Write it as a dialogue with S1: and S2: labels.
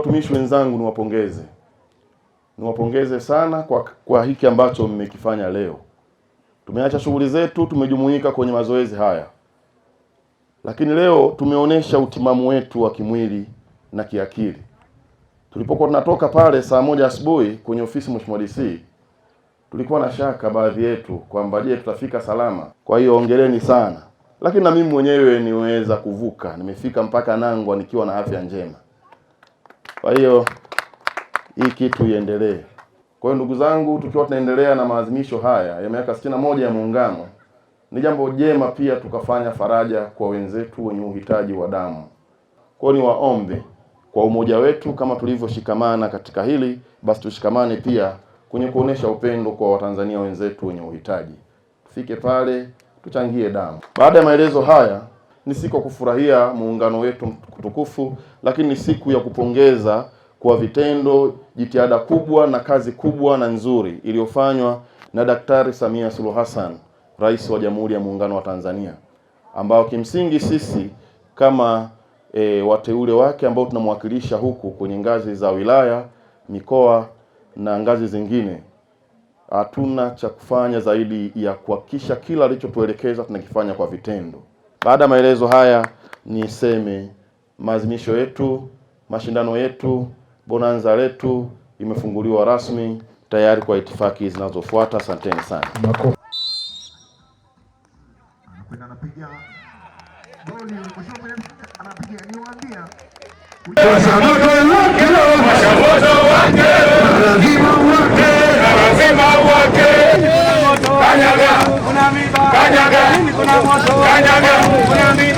S1: Watumishi wenzangu, niwapongeze, niwapongeze sana kwa, kwa hiki ambacho mmekifanya leo. Tumeacha shughuli zetu, tumejumuika kwenye mazoezi haya, lakini leo tumeonyesha utimamu wetu wa kimwili na kiakili. Tulipokuwa tunatoka pale saa moja asubuhi kwenye ofisi Mheshimiwa DC, tulikuwa na shaka baadhi yetu kwamba je, tutafika salama? Kwa hiyo ongereni sana, lakini na mimi mwenyewe niweza kuvuka, nimefika mpaka Nangwa nikiwa na afya njema. Kwa hiyo hii kitu iendelee. Kwa hiyo ndugu zangu, tukiwa tunaendelea na maadhimisho haya ya miaka sitini na moja ya Muungano, ni jambo jema pia tukafanya faraja kwa wenzetu wenye uhitaji wa damu. Kwa hiyo waombe kwa umoja wetu, kama tulivyoshikamana katika hili, basi tushikamane pia kwenye kuonesha upendo kwa Watanzania wenzetu wenye uhitaji. Tufike pale tuchangie damu. Baada ya maelezo haya ni siku ya kufurahia muungano wetu mtukufu, lakini ni siku ya kupongeza kwa vitendo jitihada kubwa na kazi kubwa na nzuri iliyofanywa na Daktari Samia Suluhu Hassan, Rais wa Jamhuri ya Muungano wa Tanzania, ambao kimsingi sisi kama e, wateule wake ambao tunamwakilisha huku kwenye ngazi za wilaya, mikoa na ngazi zingine hatuna cha kufanya zaidi ya kuhakikisha kila alichotuelekeza tunakifanya kwa vitendo. Baada ya maelezo haya, niseme maazimisho yetu, mashindano yetu, bonanza letu imefunguliwa rasmi tayari kwa itifaki zinazofuata. Asanteni sana. Buna moto,